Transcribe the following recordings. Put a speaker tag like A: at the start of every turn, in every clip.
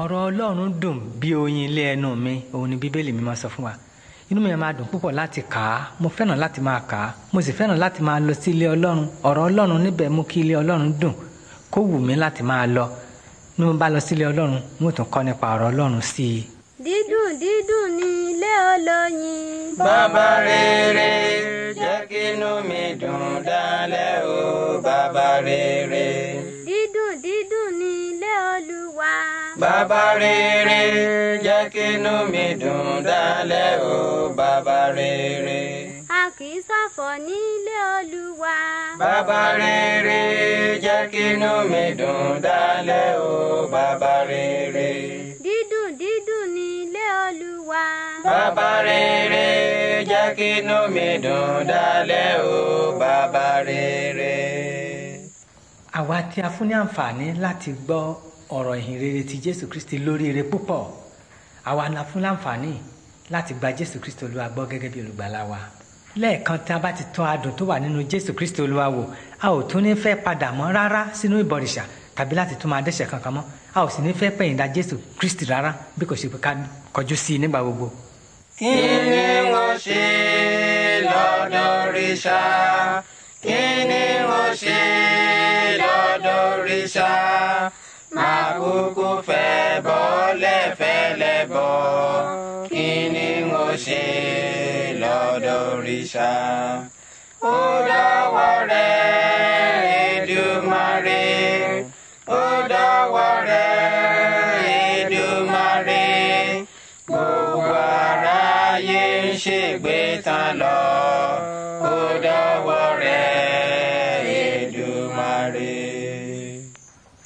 A: ọ̀rọ̀ ọlọ́run dùn bí oyin ilé ẹnu mi òun ni bíbélì mi máa sọ fún wa inú mi máa dùn púpọ̀ láti kà á mo fẹ́ràn láti máa kà á mo sì fẹ́ràn láti máa lọ sí ilé ọlọ́run ọ̀rọ̀ ọlọ́run níbẹ̀ mú kí ilé ọlọ́run dùn kó wù mí láti máa lọ ní mo bá lọ sí ilé ọlọ́run mo tún kọ́ nípa ọ̀rọ̀ ọlọ́run sí i.
B: dídùn dídùn ni ilé olóyin. bàbá rere jẹ́ kínú mi dùn dálẹ́ o bàbá rere.
A: bàbá rere
B: jẹ́ kínú mi dùn dálẹ́ o bàbá rere. a kì í ṣọ̀fọ̀ nílé olúwa. bàbá rere jẹ́ kínú mi dùn dálẹ́ o bàbá rere. dídùn dídùn ní olúwa. bàbá rere jẹ́ kínú mi dùn dálẹ́ o bàbá rere.
A: àwa tí a fún ní àǹfààní láti gbọ́ ọ̀rọ̀ ìhìn rere ti jésù kristi lóríire púpọ̀ àwa la fún láǹfààní láti gba jésù kristi olúwa gbọ́ gẹ́gẹ́ bí olùgbàlà wa lẹ́ẹ̀kan tí a bá ti tọ́ adùn tó wà nínú jésù kristi olúwa wò a ò tún ní fẹ́ padà mọ́ rárá sínú ìbọ̀rìṣà tàbí láti tún máa dẹ́ṣẹ̀ kankan mọ́ a ò sì ní fẹ́ pẹ̀yìndà jésù kristi rárá bí kò ṣe ká kọjú sí i nígbà gbogbo. kí ni wọ́n ṣe
B: lọ́dọ̀ òrìṣà kí ni wọ́n ṣe lọ́dọ̀ òrìṣà àkúkú fẹ́ bọ́ lẹ́fẹ́lẹ́ bọ́ kí ni mo ṣe lọ́dọ̀ òrìṣà. ó dọ́wọ́ rẹ̀ Èdùmàrè ó dọ́wọ́ rẹ̀ Èdùmàrè gbogbo aráyé ń ṣègbè
A: tán lọ ó dọ́wọ́ rẹ̀.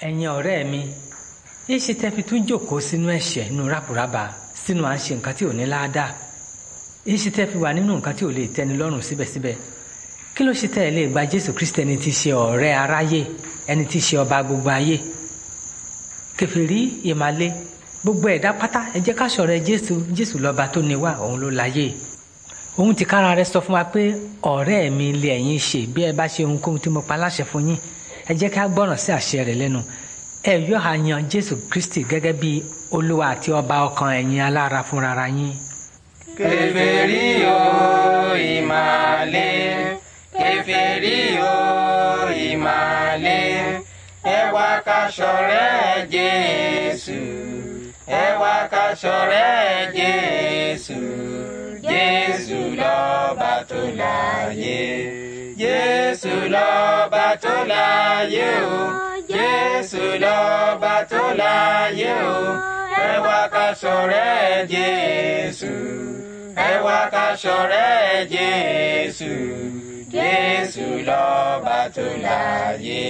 A: ẹ̀yin ọ̀rẹ́ mi èsì tẹ́ fi tún jòkó sínú ẹ̀ṣẹ̀ nínú rákùrábà sínú à ń ṣe nǹkan tí ò ní láádáa èsì tẹ́ fi wà nínú nǹkan tí ò lè tẹ́ni lọ́rùn síbẹ̀síbẹ̀ kí ló ṣe tẹ́ ẹ lè gba jésù kristi ẹni tí í ṣe ọ̀rẹ́ aráyé ẹni tí ṣe ọba gbogbo ayé kèfèrí ìmàle gbogbo ẹ̀dá pátá ẹ jẹ́ ká ṣọ̀rẹ́ jésù jésù lọ́ba tó ní wá òun ló láyé òun tìkára rẹ̀ sọ fún wa pé ọ̀rẹ́ mi lè ẹ̀yin ṣe bí ẹ bá ṣe ohunkóhun tí mo pa láṣẹ fún yín ẹ jẹ́ ká gbọ́ràn sí àṣẹ rẹ̀ lẹ́nu ẹ yóò ha yan jésù kristi gẹ́gẹ́ bí olúwa àti ọba ọkàn ẹ̀yin alára fúnra yín.
B: kèfèrí o ìmàle kèfèrí o ìmàle ẹ wá ká ṣọ̀rẹ́ jésù ẹ wá ká ṣọ̀rẹ́ jésù jésù lọ́ba tó láyé lọ́ba tó láyé o jésù lọ́ba tó láyé o ẹ wá ká ṣọ̀rẹ́ jésù ẹ wá ká ṣọ̀rẹ́ jésù jésù lọ́ba tó láyé.